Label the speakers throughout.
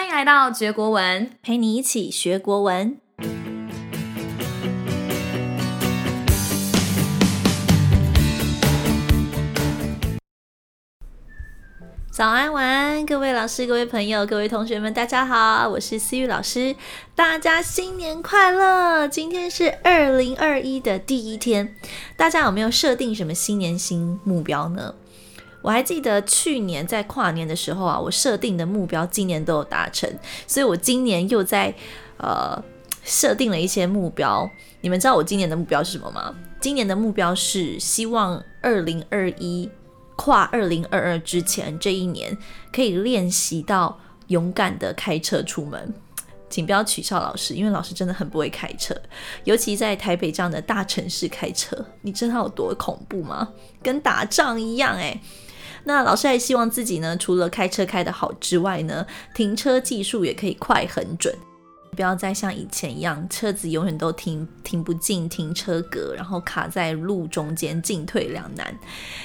Speaker 1: 歡迎來到嚼國文，陪你一起學國文。早安，晚安，各位老師、各位朋友、各位同學們，大家好，我是思雨老師。大家新年快樂！今天是二零二一的第一天，大家有沒有設定什麼新年新目標呢？我還記得去年在跨年的時候啊，我設定的目標今年都有達成，所以我今年又在呃設定了一些目標。你們知道我今年的目標是什麼嗎？今年的目標是希望二零二一跨二零二二之前這一年，可以練習到勇敢的開車出門。請不要取笑老師，因為老師真的很不會開車，尤其在台北這樣的大城市開車，你知道有多恐怖嗎？跟打仗一樣誒。那老師還希望自己呢，除了開車開得好之外呢，停車技術也可以快很準。不要再像以前一樣，車子永遠都停停不進停車格，然後卡在路中間，進退兩難。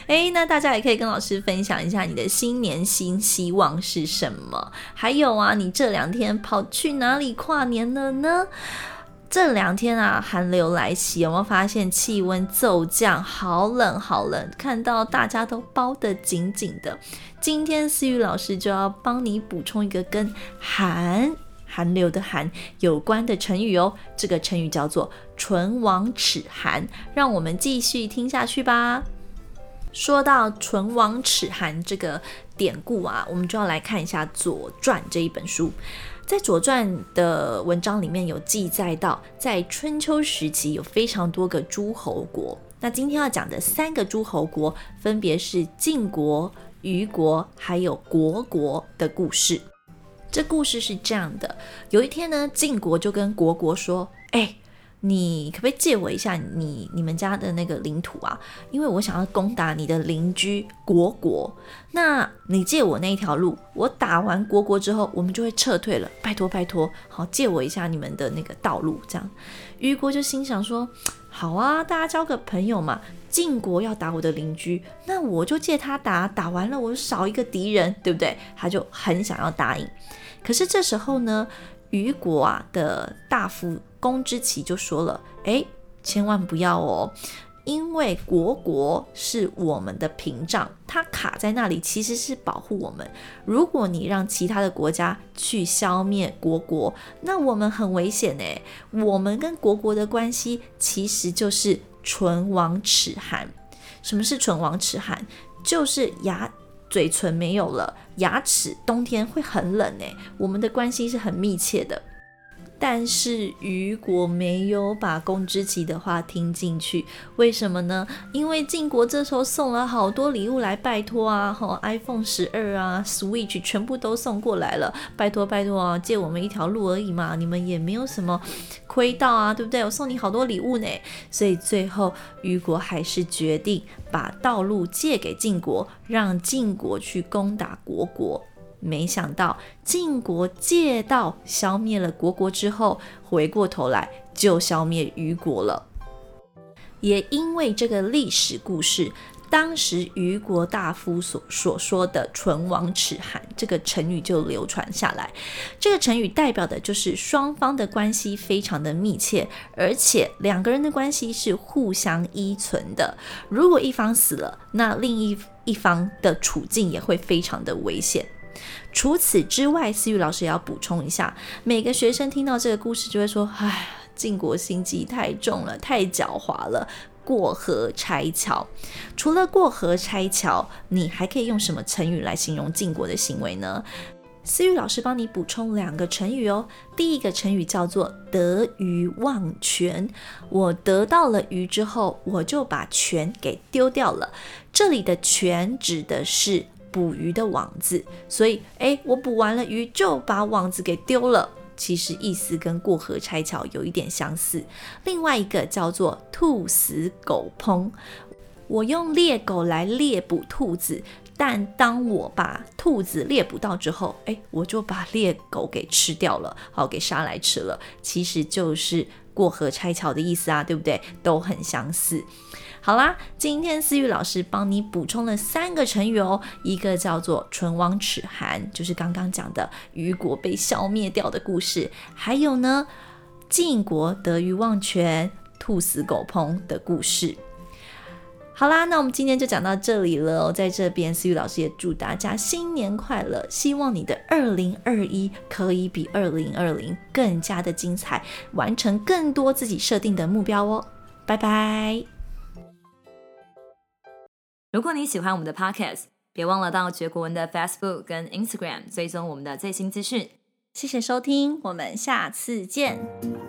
Speaker 1: 誒，那大家也可以跟老師分享一下你的新年新希望是什麼？還有啊，你這兩天跑去哪裡跨年了呢？這兩天啊，寒流來襲，有沒有發現氣溫驟降，好冷好冷？看到大家都包得緊緊的。今天思雨老師就要幫你補充一個跟寒。寒流的“寒”有關的成語哦，這個成語叫做“唇亡齒寒”。讓我們繼續聽下去吧。說到“唇亡齒寒”這個典故啊，我們就要來看一下《左傳》這一本書。在《左傳》的文章裡面有記載到，在春秋時期有非常多個諸侯國。那今天要講的三個諸侯國，分別是晉國、虞國還有虢國的故事。這故事是這樣的，有一天呢，晉國就跟虢國說：“哎、欸。”你可不可以借我一下你你們家的那個領土啊？因為我想要攻打你的鄰居虢國，那你借我那一條路，我打完虢國之後，我們就會撤退了。拜託拜託，好，借我一下你們的那個道路，這樣。虞國就心想說，好啊，大家交個朋友嘛。晉國要打我的鄰居，那我就借他打，打完了我就少一個敵人，對不對？他就很想要答應。可是這時候呢，虞國啊的大夫，風之宮之奇就說了：“誒，千萬不要哦，因為國國是我們的屏障，它卡在那裡其實是保護我們。如果你讓其他的國家去消滅國國，那我們很危險。我們跟國國的關係其實就是唇亡齒寒。什麼是唇亡齒寒？就是牙、嘴唇沒有了，牙齒冬天會很冷。我們的關係是很密切的。”但是，虞國沒有把宮之奇的話聽進去，為什麼呢？因為晉國這時候送了好多禮物來拜托啊，哈、哦，iPhone 十二啊，Switch 全部都送過來了，拜托拜托啊，借我們一條路而已嘛，你們也沒有什麼虧到啊，對不對？我送你好多禮物呢，所以最後虞國還是決定把道路借給晉國，讓晉國去攻打虢國。沒想到晉國借道消滅了虢國之後，回過頭來就消滅虞國了。也因為這個歷史故事，當時虞國大夫所所說的“唇亡齒寒”這個成語就流傳下來。這個成語代表的就是雙方的關係非常的密切，而且兩個人的關係是互相依存的。如果一方死了，那另一一方的處境也會非常的危險。除此之外，思雨老師也要補充一下，每個學生聽到這個故事就會說：“唉，晉國心機太重了，太狡猾了，過河拆橋。”除了“過河拆橋”，你還可以用什麼成語來形容晉國的行為呢？思雨老師幫你補充兩個成語哦。第一個成語叫做“得魚忘筌”，我得到了魚之後，我就把筌給丟掉了。這裡的“筌”指的是。捕魚的網子，所以哎、欸，我捕完了魚就把網子給丟了。其實意思跟過河拆橋有一點相似。另外一個叫做兔死狗烹，我用獵狗來獵捕兔子。但當我把兔子獵捕到之後，哎，我就把獵狗給吃掉了，好、哦，給殺來吃了。其實就是過河拆橋的意思啊，對不對？都很相似。好啦，今天思雨老師幫你補充了三個成語哦，一個叫做“唇亡齒寒”，就是剛剛講的虞國被消滅掉的故事；還有呢，“晉國得魚忘筌”、“兔死狗烹”的故事。好啦，那我們今天就講到這裡了哦。在這邊，思雨老師也祝大家新年快樂，希望你的二零二一可以比二零二零更加的精彩，完成更多自己設定的目標哦。拜拜！如果你喜歡我們的 Podcast，別忘了到覺國文的 Facebook 跟 Instagram 追蹤我們的最新資訊。謝謝收聽，我們下次見。